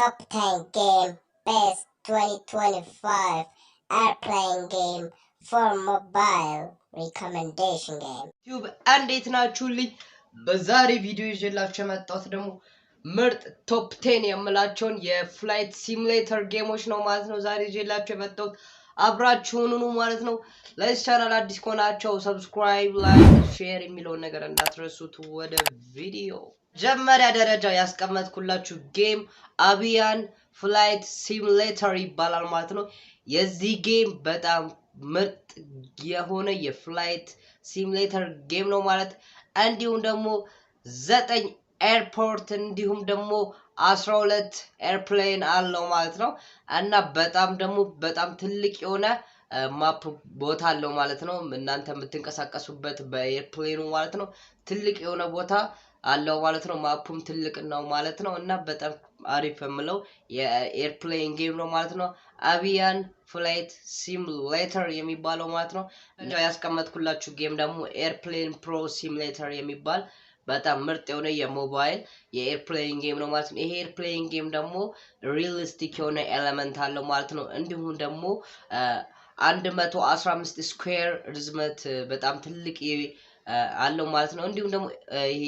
Top 10 Game Best 2025 Airplane Game for Mobile Recommendation Game ዩቲዩብ እንዴት ናችሁልኝ? በዛሬ ቪዲዮ ይዤላችሁ የመጣሁት ደግሞ ምርጥ ቶፕ ቴን የምላቸውን የፍላይት ሲሙሌተር ጌሞች ነው ማለት ነው። ዛሬ ይዤላችሁ የመጣሁት አብራችሁኑኑ ማለት ነው። ለዚህ ቻናል አዲስ ከሆናቸው ሰብስክራይብ፣ ላይክ፣ ሼር የሚለውን ነገር እንዳትረሱት። ወደ ቪዲዮ መጀመሪያ ደረጃ ያስቀመጥኩላችሁ ጌም አቢያን ፍላይት ሲሙሌተር ይባላል ማለት ነው። የዚህ ጌም በጣም ምርጥ የሆነ የፍላይት ሲሙሌተር ጌም ነው ማለት እንዲሁም ደግሞ ዘጠኝ ኤርፖርት እንዲሁም ደግሞ አስራ ሁለት ኤርፕሌን አለው ማለት ነው እና በጣም ደግሞ በጣም ትልቅ የሆነ ማፕ ቦታ አለው ማለት ነው። እናንተ የምትንቀሳቀሱበት በኤርፕሌኑ ማለት ነው ትልቅ የሆነ ቦታ አለው ማለት ነው። ማፑም ትልቅ ነው ማለት ነው እና በጣም አሪፍ የምለው የኤርፕሌን ጌም ነው ማለት ነው። አቪያን ፍላይት ሲሙሌተር የሚባለው ማለት ነው። ያስቀመጥኩላችሁ ጌም ደግሞ ኤርፕሌን ፕሮ ሲሙሌተር የሚባል በጣም ምርጥ የሆነ የሞባይል የኤርፕሌን ጌም ነው ማለት ነው። ይሄ ኤርፕሌን ጌም ደግሞ ሪሊስቲክ የሆነ ኤለመንት አለው ማለት ነው። እንዲሁም ደግሞ አንድ መቶ አስራ አምስት ስኩዌር ርዝመት በጣም ትልቅ አለው ማለት ነው። እንዲሁም ደግሞ ይሄ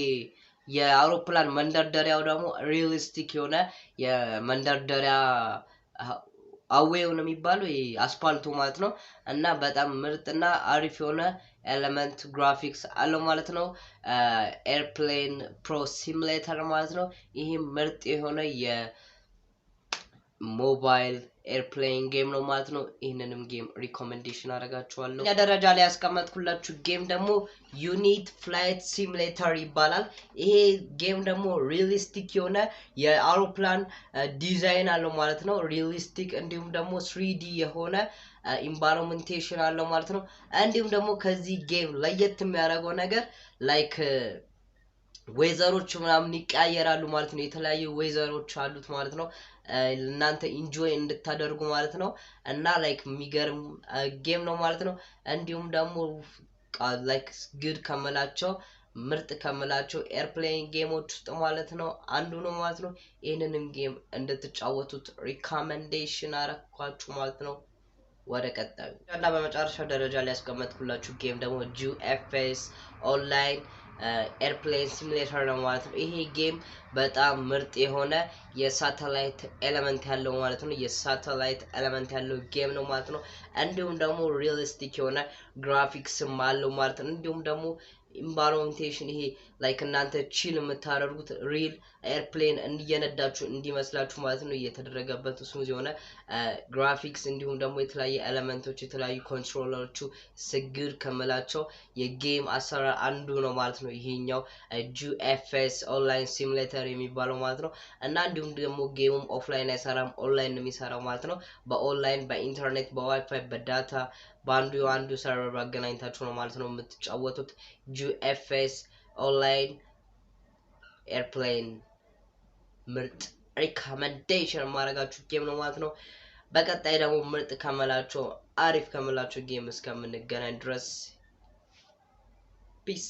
የአውሮፕላን መንደርደሪያው ደግሞ ሪሊስቲክ የሆነ የመንደርደሪያ አዌው ነው የሚባለው አስፓልቱ ማለት ነው እና በጣም ምርጥና አሪፍ የሆነ ኤሌመንት ግራፊክስ አለው ማለት ነው። ኤርፕሌን ፕሮ ሲሙሌተር ማለት ነው። ይህም ምርጥ የሆነ የሞባይል ኤርፕሌይን ጌም ነው ማለት ነው። ይህንንም ጌም ሪኮሜንዴሽን አደርጋችኋለሁ። እኛ ደረጃ ላይ ያስቀመጥኩላችሁ ጌም ደግሞ ዩኒት ፍላይት ሲሚሌተር ይባላል። ይሄ ጌም ደግሞ ሪሊስቲክ የሆነ የአውሮፕላን ዲዛይን አለው ማለት ነው። ሪሊስቲክ እንዲሁም ደግሞ ስሪዲ የሆነ ኢንቫይሮመንቴሽን አለው ማለት ነው። እንዲሁም ደግሞ ከዚህ ጌም ለየት የሚያደርገው ነገር ላይክ ወይዘሮች ምናምን ይቀያየራሉ ማለት ነው። የተለያዩ ወይዘሮች አሉት ማለት ነው። እናንተ ኢንጆይ እንድታደርጉ ማለት ነው። እና ላይክ የሚገርም ጌም ነው ማለት ነው። እንዲሁም ደግሞ ላይክ ግድ ከምላቸው ምርጥ ከምላቸው ኤርፕሌን ጌሞች ውስጥ ማለት ነው አንዱ ነው ማለት ነው። ይህንንም ጌም እንድትጫወቱት ሪኮመንዴሽን አረኳችሁ ማለት ነው። ወደ ቀጣዩ እና በመጨረሻ ደረጃ ላይ ያስቀመጥኩላችሁ ጌም ደግሞ ጂኤፍኤስ ኦንላይን ኤርፕሌን uh, ሲሙሌተር ነው ማለት ነው። ይሄ ጌም በጣም ምርጥ የሆነ የሳተላይት ኤለመንት ያለው ማለት ነው። የሳተላይት ኤለመንት ያለው ጌም ነው ማለት ነው። እንዲሁም ደግሞ ሪሊስቲክ የሆነ ግራፊክስም አለው ማለት ነው። እንዲሁም ደግሞ ኢምባሎንቴሽን ይሄ ላይክ እናንተ ቺል የምታደርጉት ሪል ኤርፕሌን እየነዳችሁ እንዲመስላችሁ ማለት ነው እየተደረገበት እሱ የሆነ ግራፊክስ uh, እንዲሁም ደግሞ የተለያየ ኤለመንቶች የተለያዩ ኮንትሮለሮቹ ስግር ከምላቸው የጌም አሰራር አንዱ ነው ማለት ነው ይሄኛው ጂኤፍኤስ ኦንላይን ሲሙሌተር የሚባለው ማለት ነው እና እንዲሁም ደግሞ ጌሙም ኦፍላይን አይሰራም ኦንላይን የሚሰራው ማለት ነው በኦንላይን በኢንተርኔት በዋይፋይ በዳታ በአንዱ የአንዱ ሰርቨር አገናኝታችሁ ነው ማለት ነው የምትጫወቱት። ጂኤፍኤስ ኦንላይን ኤርፕሌን ምርጥ ሪካመንዴሽን ማድረጋችሁ ጌም ነው ማለት ነው። በቀጣይ ደግሞ ምርጥ ከመላቸው አሪፍ ከመላቸው ጌም እስከምንገናኝ ድረስ ፒስ